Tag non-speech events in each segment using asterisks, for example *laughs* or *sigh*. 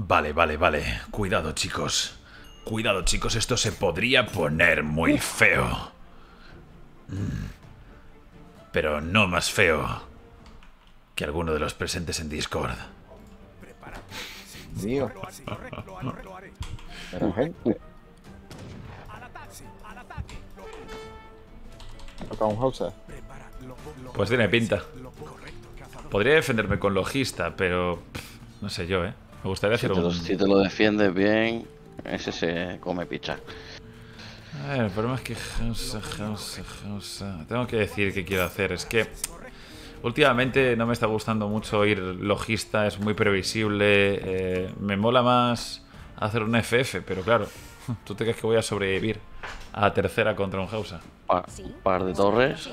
Vale, vale, vale. Cuidado, chicos. Cuidado, chicos. Esto se podría poner muy feo. Mm. Pero no más feo que alguno de los presentes en Discord. gente. Pues tiene pinta. Podría defenderme con logista, pero no sé yo, ¿eh? Me gustaría si te lo, Si te lo defiendes bien, ese se come picha. A ver, el problema es que... Tengo que decir qué quiero hacer. Es que últimamente no me está gustando mucho ir logista, es muy previsible. Eh, me mola más hacer un FF, pero claro, *laughs* ¿tú te crees que voy a sobrevivir a tercera contra un Hausa? par de torres.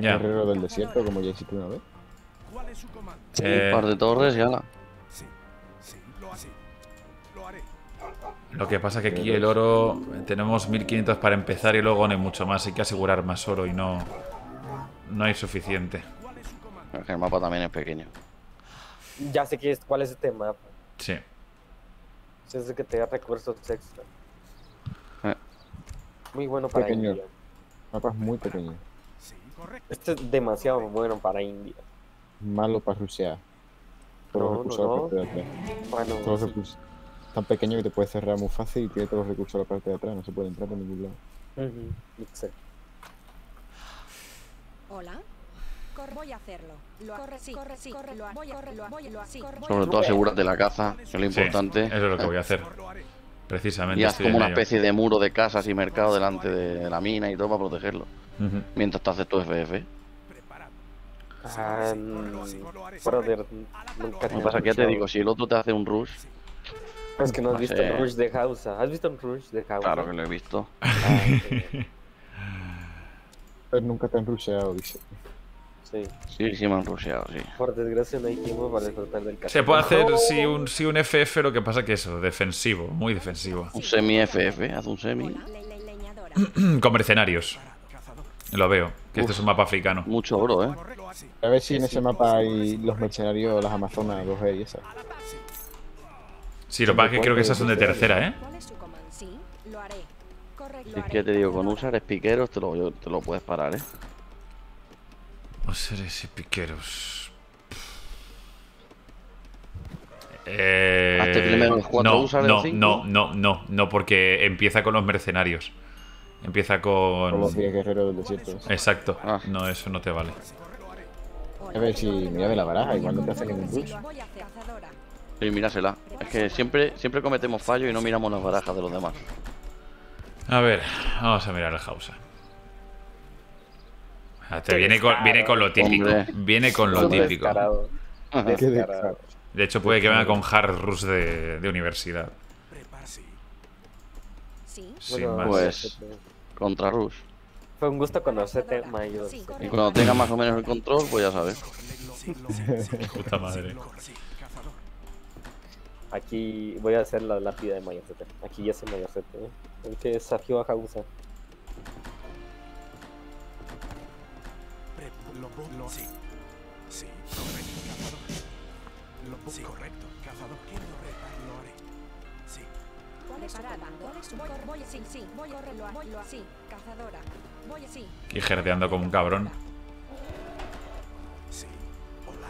Ya. Guerrero del desierto, como ya hiciste una vez. Eh, par de torres y ala. Lo que pasa es que aquí el oro tenemos 1500 para empezar y luego no hay mucho más. Hay que asegurar más oro y no, no hay suficiente. el mapa también es pequeño. Ya sé que cuál es este mapa. Sí. Es el que te da recursos extra. Eh. Muy bueno para India. El mapa es muy pequeño. Este es demasiado bueno para India. Malo para Rusia. Todos los recursos la parte de atrás. tan pequeño que te puede cerrar muy fácil y tiene todos los recursos a la parte de atrás, no se puede entrar por ningún lado. sí. Hola. voy a hacerlo. corre, sí, sí, lo Sobre todo asegúrate la caza, es lo importante. Sí, eso es lo que voy a hacer. *laughs* Precisamente. Y haz como una especie de muro de casas y mercado delante de la mina y todo para protegerlo. Mientras te haces tu FF. Ah, brother, nunca te pasa? Que ya te digo, si el otro te hace un rush. Es que no has visto un rush de Hausa. ¿Has visto un rush de Hausa? Claro que lo he visto. Ah, *laughs* Pero nunca te han rusheado, dice. Sí. sí, me han rusheado, sí. Por desgracia no hay tiempo para disfrutar del caso. Se puede hacer si un, un FF, lo que pasa que eso defensivo, muy defensivo. Un semi-FF, haz un semi. *clears throat* Con mercenarios. Lo veo, que este es un mapa africano. Mucho oro, ¿eh? A ver si en ese mapa hay los mercenarios, las amazonas, los reyes, esas. Sí, lo que pasa que creo que esas son de tercera, ¿eh? ¿eh? Es que te digo, con usar piqueros te lo, puedes parar, ¿eh? Usares y piqueros... no, no, no, no, no, porque empieza con los mercenarios. Empieza con. Con los 10 guerreros del desierto. Exacto. Ah. No, eso no te vale. A ver si mira de la baraja y cuando te hace ningún push. Sí, mírasela. Es que siempre, siempre cometemos fallos y no miramos las barajas de los demás. A ver, vamos a mirar el Hausa. Ah, te viene con, viene con lo típico. Viene con lo típico. De hecho, puede que venga con hard de, de universidad. Sin más. Pues contra Rush. Fue un gusto conocerte, Mayor. Y cuando tenga más o menos el control, pues ya sabes. Justa madre. Aquí voy a hacer la lápida de Mayorcete. Aquí ya es el ¿eh? El que desafió a Jausa. Sí, sí, correcto, cazador. sí, correcto, cazador. Quiero Sí, su sí, Voy, voy, Cazadora Y jerdeando como un cabrón. Sí. Hola.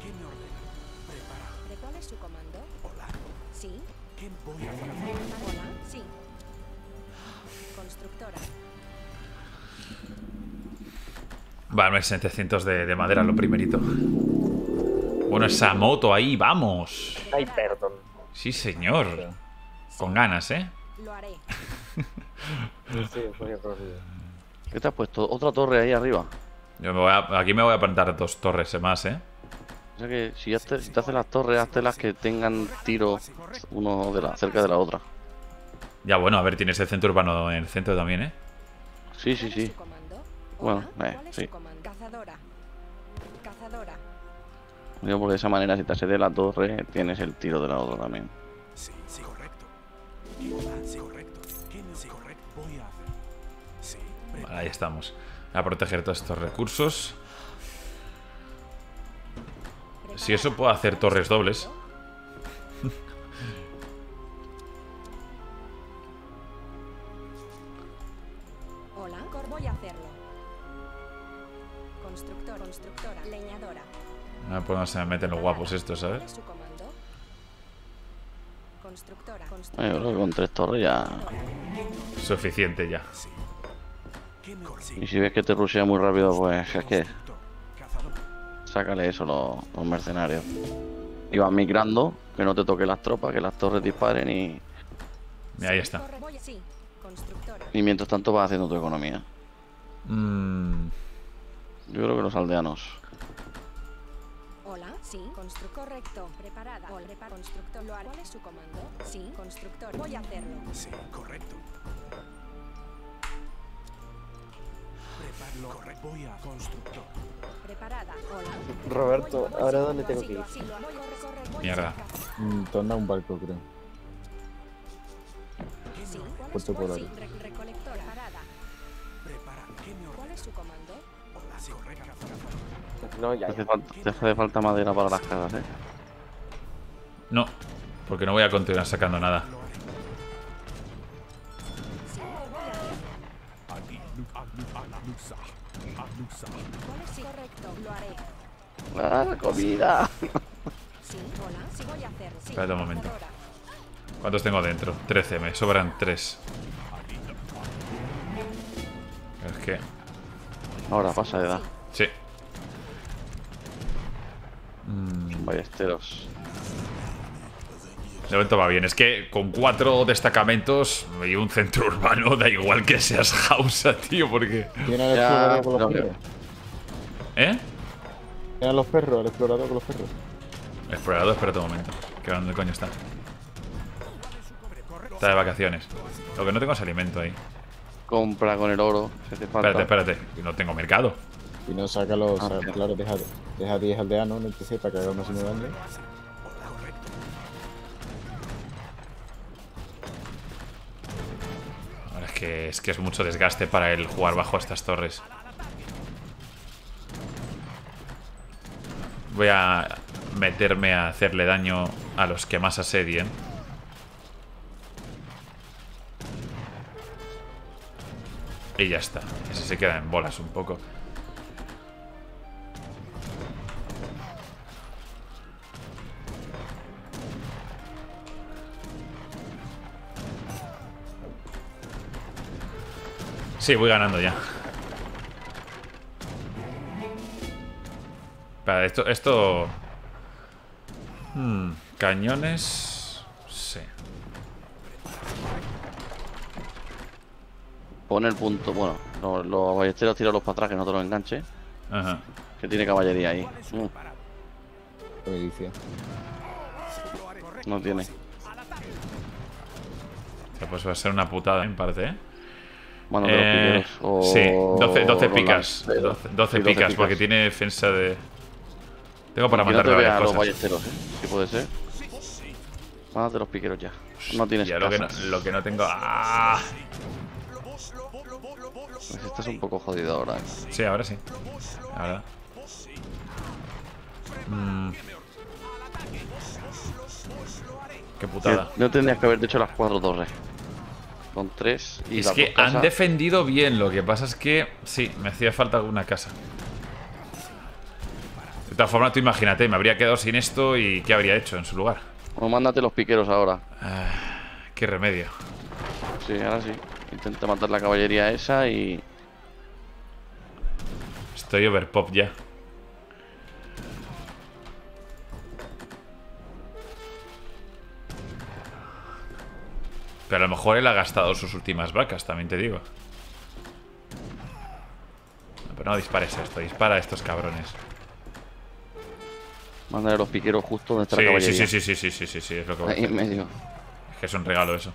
¿Qué me ordena? Prepara. ¿De cuál es su comando? Hola. Sí. ¿Qué voy a hacer? Hola. Sí. Ah. Constructora. Vale, 700 de, de madera, lo primerito. Bueno, esa moto ahí, vamos. Ay, perdón. Sí, señor. Con ganas, ¿eh? Lo haré. sí, ¿Qué te has puesto? ¿Otra torre ahí arriba? Yo aquí me voy a plantar dos torres más, ¿eh? O sea que si te, haces las torres, hazte las que tengan tiro uno de la, cerca de la otra. Ya, bueno, a ver, tienes el centro urbano en el centro también, ¿eh? Sí, sí, sí. Bueno, eh, sí. Cazadora. Cazadora yo porque de esa manera, si te de la torre, tienes el tiro de la otra también. vale, ahí estamos. A proteger todos estos recursos. Si eso puedo hacer torres dobles. cuando se meten los guapos estos, ¿sabes? yo creo que con tres torres ya... Suficiente ya. Y si ves que te rushea muy rápido, pues es que... Sácale eso los, los mercenarios. Y vas migrando, que no te toquen las tropas, que las torres disparen y... y ahí está. Y mientras tanto vas haciendo tu economía. Mm. Yo creo que los aldeanos. Sí. constructor, correcto. Preparada. constructor. ¿Lo ¿Cuál es su comando? Sí. Constructor. Voy a hacerlo. Sí, correcto. Preparlo. Correcto. Voy a constructor. Preparada. Hola. Roberto, ¿ahora dónde tengo que ir? Mierda. Mm, torna un barco, creo. Sí. Puerto por ahí. No, ya, hace falta, madera para las caras, ¿eh? No, porque no voy a continuar sacando nada. ¡Ah, comida! Espérate un momento. ¿Cuántos tengo dentro? 13, me sobran 3. Es que... Ahora pasa de edad. esteros De momento va bien, es que con cuatro destacamentos y un centro urbano *laughs* da igual que seas Hausa, tío, porque... ¿Tiene el explorador con los perros? ¿Eh? ¿Tiene los perros, el explorador con los perros? El explorador, espérate un momento, que dónde coño está. Está de vacaciones. Lo que no tengo es alimento ahí. Compra con el oro, Espérate, espérate, no tengo mercado. Y no, sácalo, ah, claro, deja, 10 aldeanos en el PC para que hagamos un sin daño. Ahora es que, es que es mucho desgaste para él jugar bajo estas torres. Voy a meterme a hacerle daño a los que más asedien. Y ya está. Ese se queda en bolas un poco. Sí, voy ganando ya. Espera, esto... esto... Hmm, cañones... Sí. Pon el punto... Bueno, los, los ballesteros los para atrás, que no te los enganche. Ajá. Que tiene caballería ahí. Mm. No tiene. pues va a ser una putada en parte, ¿eh? Bueno, de eh, o sí, 12, 12 picas. 12, picas, porque tiene defensa de. Tengo para matar varias a cosas. los ballesteros, ¿Qué ¿eh? puede ser? Mándate de los piqueros ya. No tienes ya, lo que no, lo que no tengo. ¡Ah! Pues estás un poco jodido ahora. ¿eh? Sí, ahora sí. Ahora. Mm. Qué putada. No tendrías que haber hecho las cuatro torres tres y Es que han defendido bien, lo que pasa es que... Sí, me hacía falta alguna casa. De todas formas, tú imagínate, me habría quedado sin esto y ¿qué habría hecho en su lugar? mándate los piqueros ahora. Ah, qué remedio. Sí, ahora sí. Intenta matar la caballería esa y... Estoy overpop ya. Pero a lo mejor él ha gastado sus últimas vacas, también te digo. pero no dispares esto, dispara a estos cabrones. Mándale a los piqueros justo donde está sí, la Sí, sí, sí, sí, sí, sí, sí, es lo que voy Ahí en medio. Es que es un regalo eso.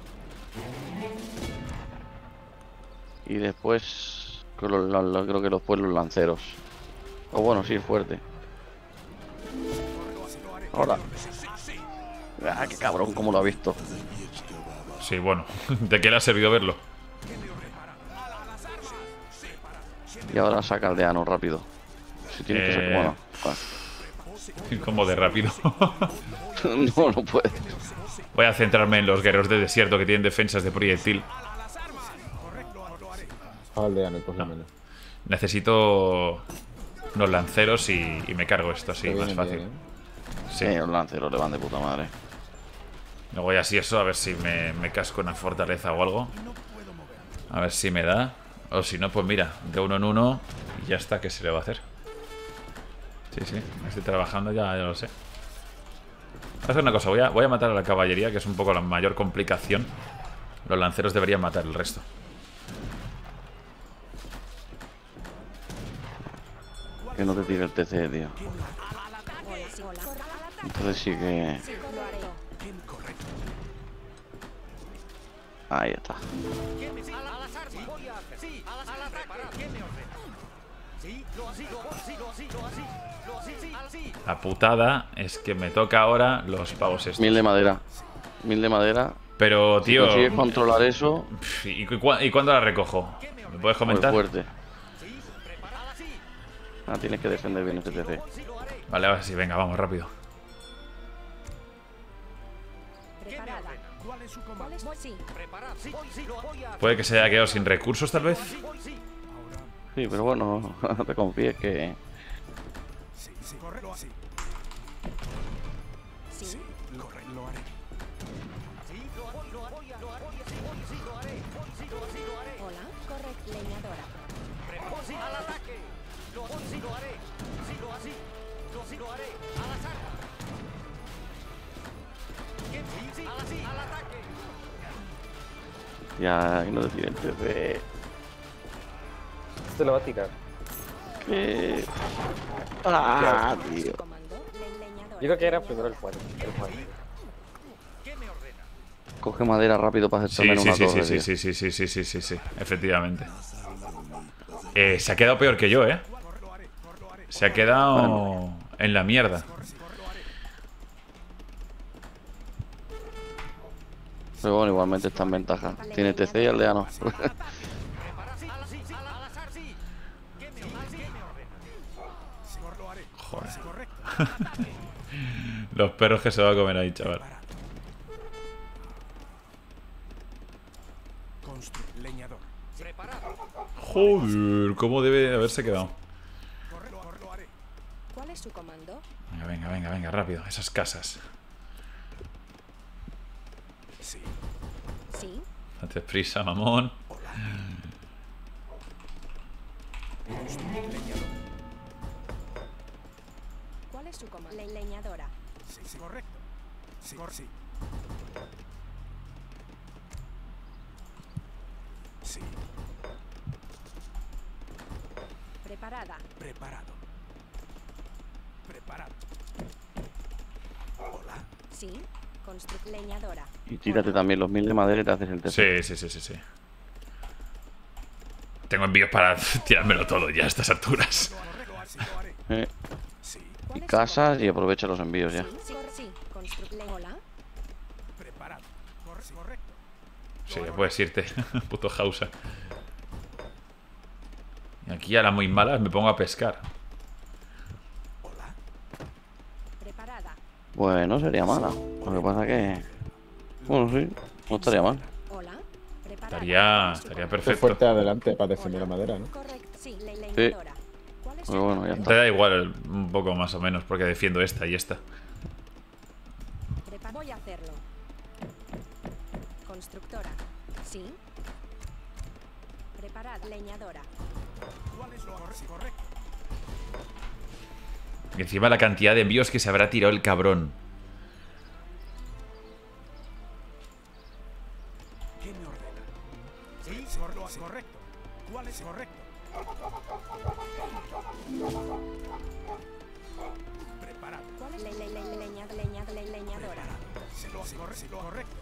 Y después creo, que lo, que los lanceros. O bueno, sí, fuerte. Ahora. Ah, qué cabrón, cómo lo ha visto. Sí, bueno. *laughs* ¿De qué le ha servido verlo? Y ahora saca deano rápido. Si tiene que ser. Eh, bueno, *laughs* Como de rápido. *laughs* no, no puede. Voy a centrarme en los guerreros de desierto que tienen defensas de proyectil. Aldeano, ah, pues Necesito unos lanceros y, me cargo esto así, más fácil. ¿eh? Sí, eh, los lanceros le van de puta madre. No voy así eso, a ver si me, me casco una fortaleza o algo. A ver si me da. O si no, pues mira, de uno en uno y ya está, que se le va a hacer? Sí, sí, estoy trabajando, ya, ya lo sé. Voy a hacer una cosa, voy a, voy a matar a la caballería, que es un poco la mayor complicación. Los lanceros deberían matar el resto. Que no te tire el TC, tío. Entonces sí que... Ahí está. La putada es que me toca ahora los pavos estos. Mil de madera. Mil de madera. Pero, tío. Mm, controlar eso. ¿Y, cuándo la recojo? ¿Me puedes comentar? Muy fuerte. Ah, tienes que defender bien este Vale, ahora sí, venga, vamos rápido. Puede que se haya quedado sin recursos, tal vez. Sí, pero bueno, no *laughs* te confíes que... Sí, Ya, y no te el PP. Esto lo va a tirar. ¿Qué? Ah, ah tío. Yo creo que era primero el Juan. El Coge madera rápido para hacer sí, sí, una sí, sí, sí, sí, sí, sí, sí, sí, sí, sí, efectivamente. Eh, se ha quedado peor que yo, ¿eh? Se ha quedado en la mierda. Pero bueno, igualmente está en ventaja. Tiene TC y aldeano. Joder. Los perros que se va a comer ahí, chaval. Joder, cómo debe haberse quedado. Venga, venga, venga, venga, rápido. Esas casas. Sí. ¿Sí? prisa, mamón. Hola. ¿Cuál es su comando? La leñadora. Sí, sí, correcto. Sí, sí. Sí. Preparada. Preparado. Preparado. Hola. Sí. Y tírate también los mil de madera y te haces el test. Sí, sí, sí, sí, sí. Tengo envíos para *laughs* tirármelo todo ya a estas alturas. Eh, y casas y aprovecha los envíos ya. Sí, puedes irte, *laughs* puto Hausa. aquí ya la muy mala me pongo a pescar. Bueno, sería mala. Lo que pasa es que... Bueno, sí, no estaría mal. Estaría, estaría perfecto. fuerte adelante para defender la madera, ¿no? Sí. Pero bueno, ya Te da igual un poco más o menos, porque defiendo esta y esta. Voy a hacerlo. Constructora. ¿Sí? Preparad leñadora. Y encima la cantidad de envíos que se habrá tirado el cabrón. correcto? ¿Cuál es correcto? Preparado. ¿Cuál es la leñadora? Se lo hace correcto.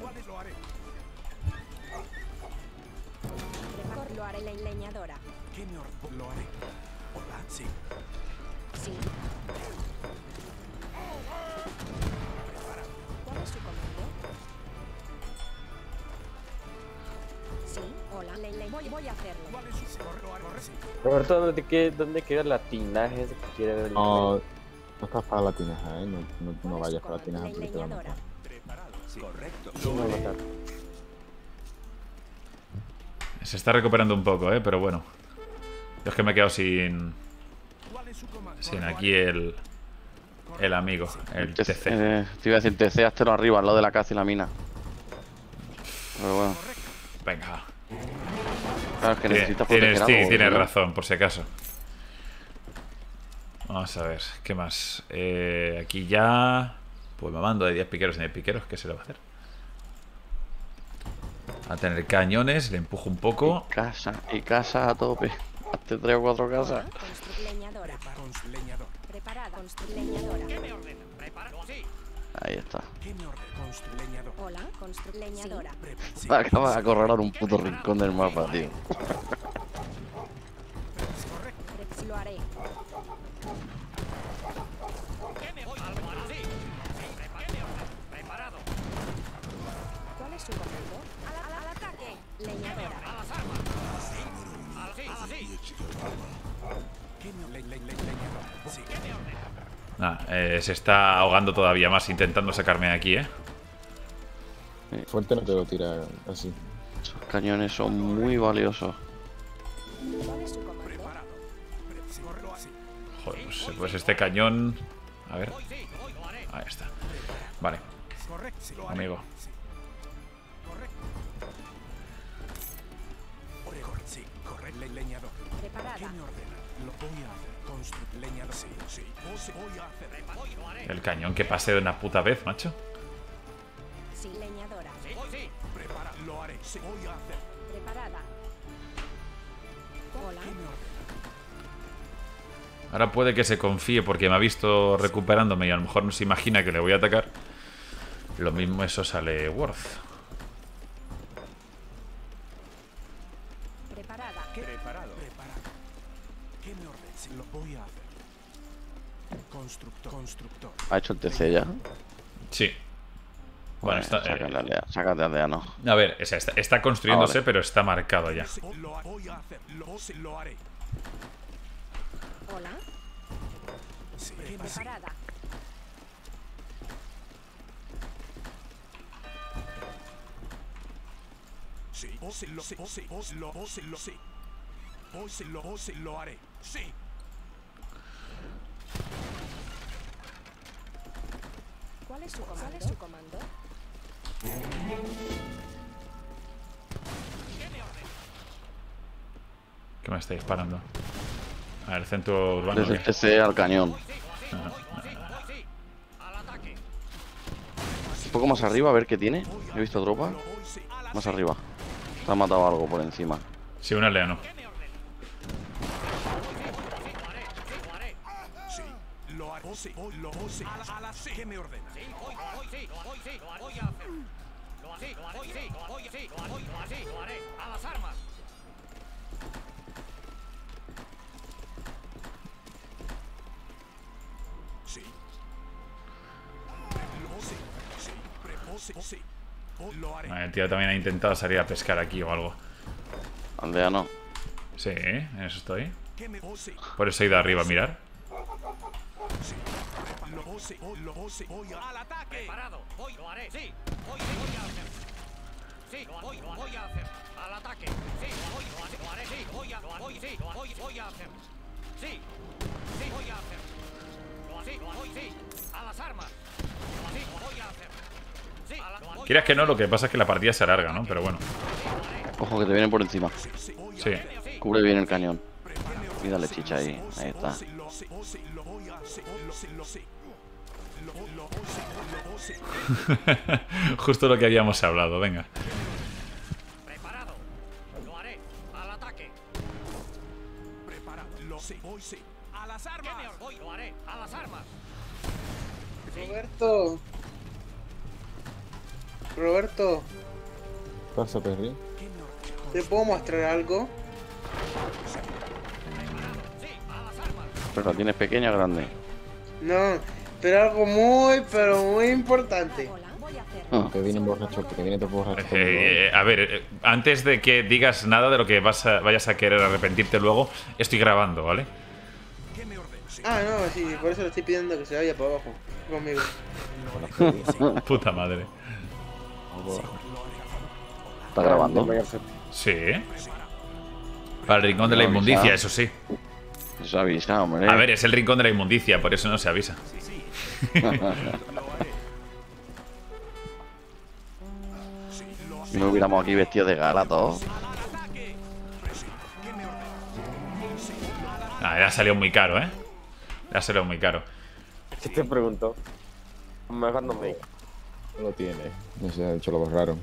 ¿Cuál es lo haré? Lo haré la leñadora. ¿Qué me Lo haré. Hola, Sí. Oh, oh. voy, a hacerlo. Roberto, ¿dónde, dónde queda la tinaja No, no estás para la tinaja, ¿eh? No, vayas para la tinaja te Se está recuperando un poco, ¿eh? Pero bueno. Yo es que me he quedado sin... Sin aquí el... El amigo, el TC. Eh, te iba a decir TC, lo arriba, al lado de la casa y la mina. Pero bueno. Venga. Claro, es que necesitas proteger algo. Sí, tienes ¿no? razón, por si acaso. Vamos a ver, ¿qué más? Eh, aquí ya... Pues me mando de 10 piqueros en 10 piqueros, ¿qué se le va a hacer? A tener cañones, le empujo un poco. Y casa, y casa a tope. *laughs* Hazte 3 o cuatro casas. Construir leñadora. Construir leñadora. Preparada. Construir leñadora. ¿Qué me ordena? ¿Preparado? Sí. Ahí está. Hola, Va a acorralar un puto rincón del mapa, tío. se está ahogando todavía más intentando sacarme de aquí, ¿eh? Fuerte no te lo tira así. Esos cañones son muy valiosos. Joder, pues, pues este cañón... A ver... Ahí está. Vale. Amigo. sí. El cañón que pase de una puta vez, macho. Ahora puede que se confíe porque me ha visto recuperándome y a lo mejor no se imagina que le voy a atacar. Lo mismo eso sale Worth. Constructor. Constructor. ¿Ha hecho el TC ya? Sí. Bueno, está. Eh, a ver, está, construyéndose, ah, pero está marcado ya. Hola. Sí, lo Sí, oh, oh, Sí, lo, oh, lo, lo, sé lo, haré. Sí. ¿Cuál es su comando? ¿Qué me está disparando? A ver, centro urbano. Desde el ese al cañón. Un poco más arriba, a ver qué tiene. He visto tropa. Más arriba. Se ha matado algo por encima. Sí, un aldeano. sí, hoy lo hoy sí, a la, a la sí. ¿Qué me ordena? Sí, hoy, hoy sí, hoy sí, lo voy a hacer. Lo así, lo hoy sí, Hoy sí, Hoy así, lo así, lo haré. A las armas. Sí. Lo sí, sí, prepose, sí. Lo haré. el tío también ha intentado salir a pescar aquí o algo. Aldeano. Sí, en eso estoy. Por eso he ido arriba a mirar. Sí. Lo voy, sí, lo voy, sí, a... ¡Al ataque! Preparado. Voy, lo haré. Sí, voy, voy a hacer. Sí, lo voy, lo voy a hacer. Al ataque. Sí, lo voy, lo, haré. Sí, voy a, lo voy, sí, lo voy, voy a hacer. Sí, sí, voy a hacer. Lo así, lo voy, sí. A las armas. Lo así, lo voy a hacer. Sí, a la, voy Quieras que no, lo que pasa es que la partida se alarga, ¿no? Pero bueno. Ojo que te vienen por encima. Sí. Cubre bien el cañón. Y dale chicha ahí. Ahí está. Justo lo que habíamos hablado, venga. Preparado. Lo haré. Al ataque. Preparado. Lo sé, Voy sí. A las armas. ¿Qué voy? Lo haré. A las armas. Roberto. Roberto. Pasa, Perry. ¿Te puedo mostrar algo? Pero la tienes pequeña o grande. No, pero algo muy, pero muy importante. Ah, que un borracho, que viene todo borracho. Eh, eh, a ver, eh, antes de que digas nada de lo que vas vayas a querer arrepentirte luego, estoy grabando, ¿vale? Ah, no, sí, por eso le estoy pidiendo que se vaya para abajo conmigo. *laughs* Puta madre. ¿Está grabando? Sí. Para el rincón de la inmundicia, eso sí se hombre. A ver, es el rincón de la inmundicia, por eso no se avisa. si no hubiéramos aquí vestidos de gala todo. Ah, ya ha salido muy caro, ¿eh? Le ha salido muy caro. ¿Qué te pregunto? Mejor no me... No lo tiene. No sé, de hecho lo borraron.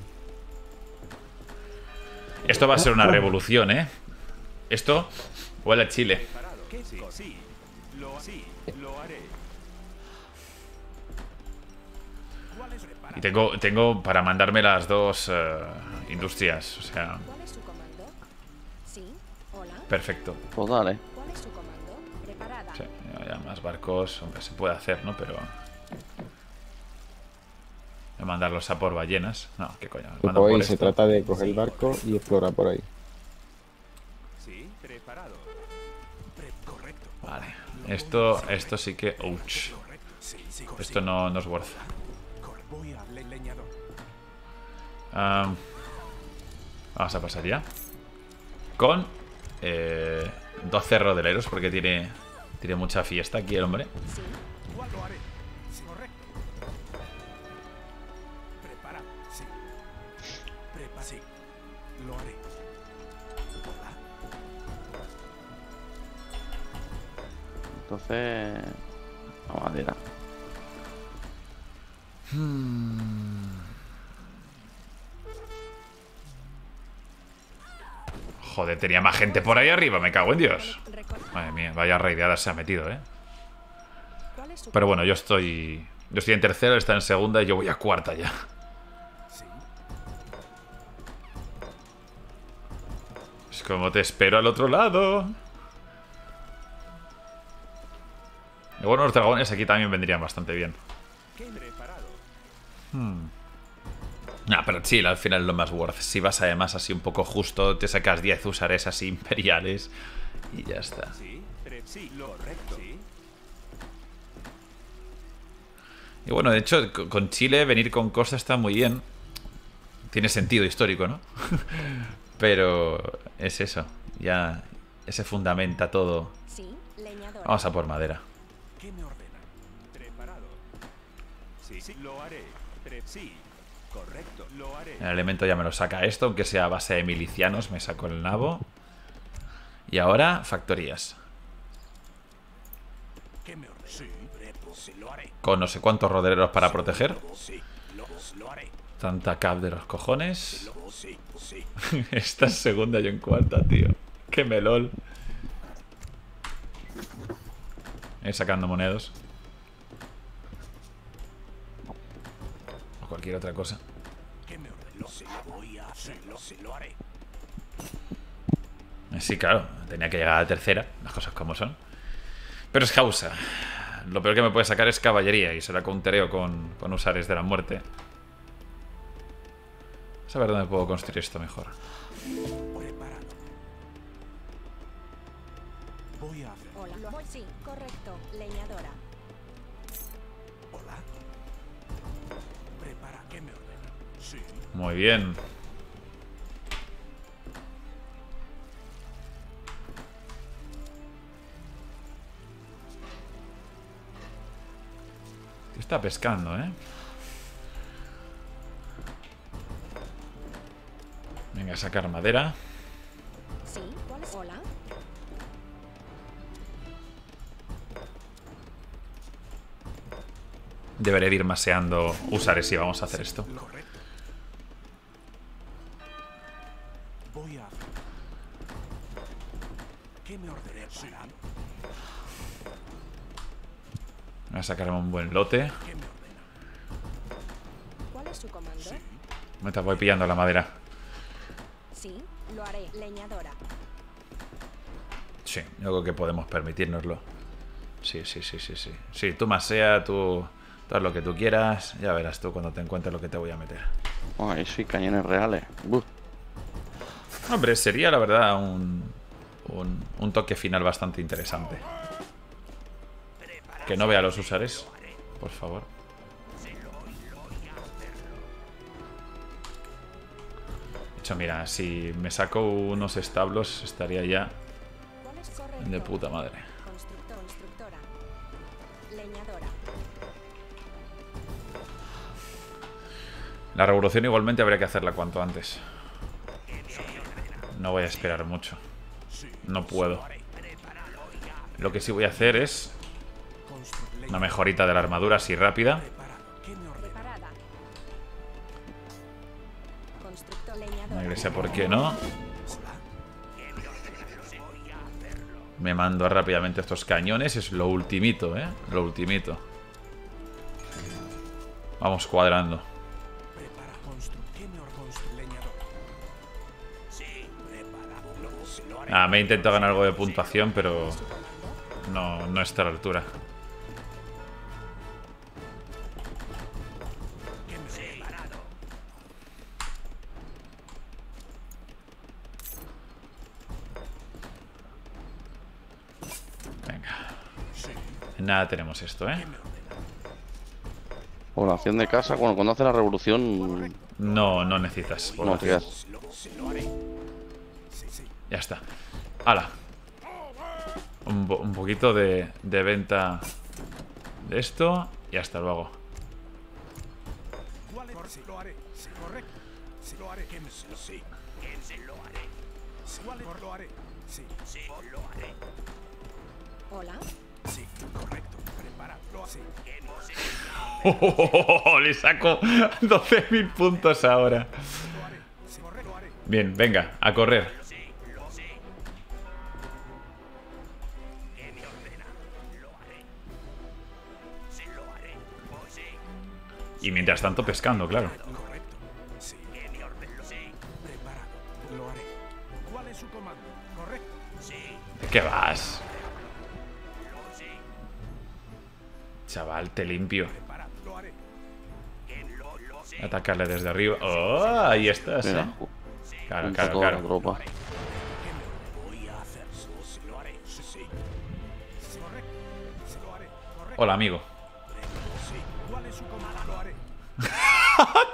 Esto va a ser una revolución, ¿eh? Esto huele a Chile. Y tengo, tengo para mandarme las dos eh, industrias, o sea... Perfecto. Pues dale. Sí, más barcos, aunque se puede hacer, ¿no? Pero... a mandarlos a por ballenas. No, qué coño. se trata de coger el barco y explorar por ahí. Esto, esto sí que... Ouch. Esto no, nos es worth. vamos a pasar ya. Con eh, dos cerrodeleros porque tiene, tiene mucha fiesta aquí el hombre. Entonces. madera. Hmm. Joder, tenía más gente por ahí arriba, me cago en Dios. Madre mía, vaya raideada se ha metido, ¿eh? Pero bueno, yo estoy... Yo estoy en tercero, está en segunda y yo voy a cuarta ya. Es como te espero al otro lado. Bueno, los dragones aquí también vendrían bastante bien. Hmm. Ah, pero Chile al final es lo más worth. Si vas además así un poco justo, te sacas 10 usares así imperiales y ya está. Y bueno, de hecho, con Chile venir con Costa está muy bien. Tiene sentido histórico, ¿no? *laughs* pero es eso, ya se fundamenta todo. Vamos a por madera. El elemento ya me lo saca esto, aunque sea base de milicianos, me sacó el nabo. Y ahora, factorías. Con no sé cuántos rodeleros para proteger. Tanta cap de los cojones. *laughs* Esta es segunda y en cuarta, tío. Qué melol. Eh, sacando monedas. O cualquier otra cosa. Eh, sí, claro, tenía que llegar a la tercera, las cosas como son. Pero es causa. Lo peor que me puede sacar es caballería y se la countereo con, con usares de la muerte. Vamos a ver dónde puedo construir esto mejor. Sí, correcto. Leñadora. Hola. Prepara que me ordena. Sí. Muy bien. Está pescando, ¿eh? Venga, a sacar madera. Deberé ir maseando usaré si vamos a hacer esto. Voy a sacar un buen lote. ¿Cuál es su Me voy pillando la madera. Sí, lo haré, leñadora. Sí, yo creo que podemos permitirnoslo. Sí, sí, sí, sí, sí. Sí, tú masea, tú... Todo lo que tú quieras, ya verás tú cuando te encuentres lo que te voy a meter. Oh, sí, cañones reales. Hombre, sería la verdad un, un, un, toque final bastante interesante. Que no vea los usares, por favor. De hecho, mira, si me saco unos establos estaría ya de puta madre. La revolución igualmente habría que hacerla cuanto antes. No voy a esperar mucho. No puedo. Lo que sí voy a hacer es una mejorita de la armadura así rápida. No iglesia, ¿por qué no? Me mando rápidamente estos cañones. Es lo ultimito, ¿eh? Lo ultimito. Vamos cuadrando. Ah, me intentado ganar algo de puntuación, pero no, no está a la altura. Venga. Nada tenemos esto, ¿eh? Población de casa, cuando hace la revolución... No, no necesitas. No necesitas. Ya está. ¡Hala! Un, poquito de, venta de esto y hasta luego. Hola. Sí, correcto. *laughs* Oh, le saco 12.000 puntos ahora. Bien, venga, a correr. Y mientras tanto pescando, claro. qué vas? Chaval, te limpio. Atacarle desde arriba. ¡Oh! Ahí estás, ¿eh? Hola, amigo.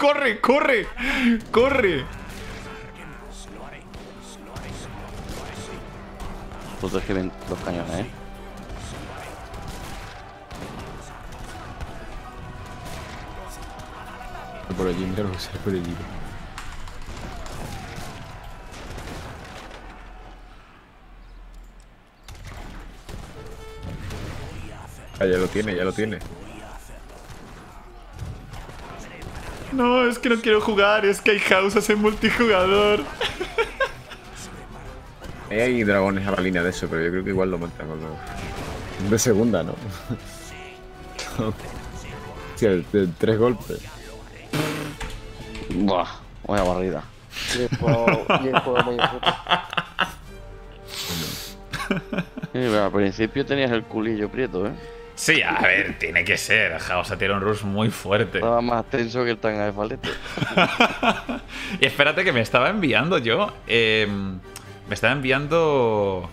corre, corre, corre. que ven los cañones, eh. Por allí, mira lo que por allí. Ah, ya lo tiene, ya lo tiene. No, es que no quiero jugar, es que hay causas en multijugador. Hay dragones a la línea de eso, pero yo creo que igual lo matan De segunda, ¿no? *laughs* sí, tres golpes. Buah, buena barrida. Y *laughs* Al principio tenías el culillo prieto, ¿eh? Sí, a ver, tiene que ser. O sea, tiene un rush muy fuerte. Estaba más tenso que el tanga de falete. *laughs* y espérate que me estaba enviando yo. Em, me estaba enviando.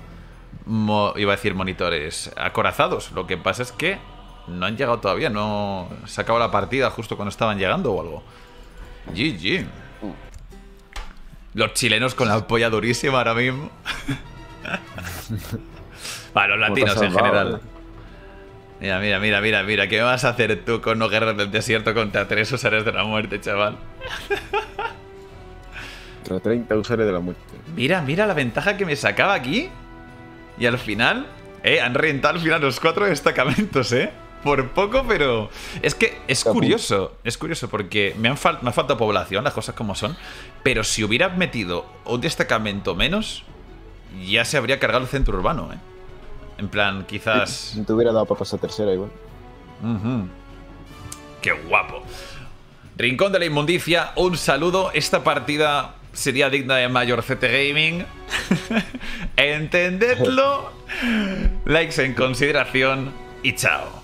iba a decir monitores acorazados. Lo que pasa es que no han llegado todavía. No se acabó la partida justo cuando estaban llegando o algo. GG. Los chilenos con la polla durísima ahora mismo. Para *laughs* los latinos en general. ¿eh? Mira, mira, mira, mira, mira, ¿qué vas a hacer tú con no guerra del desierto contra tres usares de la muerte, chaval? Contra 30 usares de la muerte. Mira, mira la ventaja que me sacaba aquí. Y al final, eh, han rentado al final los cuatro destacamentos, eh. Por poco, pero. Es que es curioso, es curioso porque me, han me ha faltado población, las cosas como son. Pero si hubiera metido un destacamento menos, ya se habría cargado el centro urbano, eh. En plan, quizás. te hubiera dado para pasar tercera igual. Qué guapo. Rincón de la Inmundicia, un saludo. Esta partida sería digna de mayor CT Gaming. *laughs* Entendedlo. *laughs* Likes en consideración y chao.